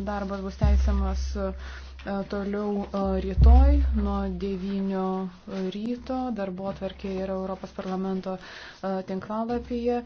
Darbas bus teisiamas e, toliau e, rytoj nuo 9 ryto. Darbo atverkė yra Europos parlamento e, tinklalapyje.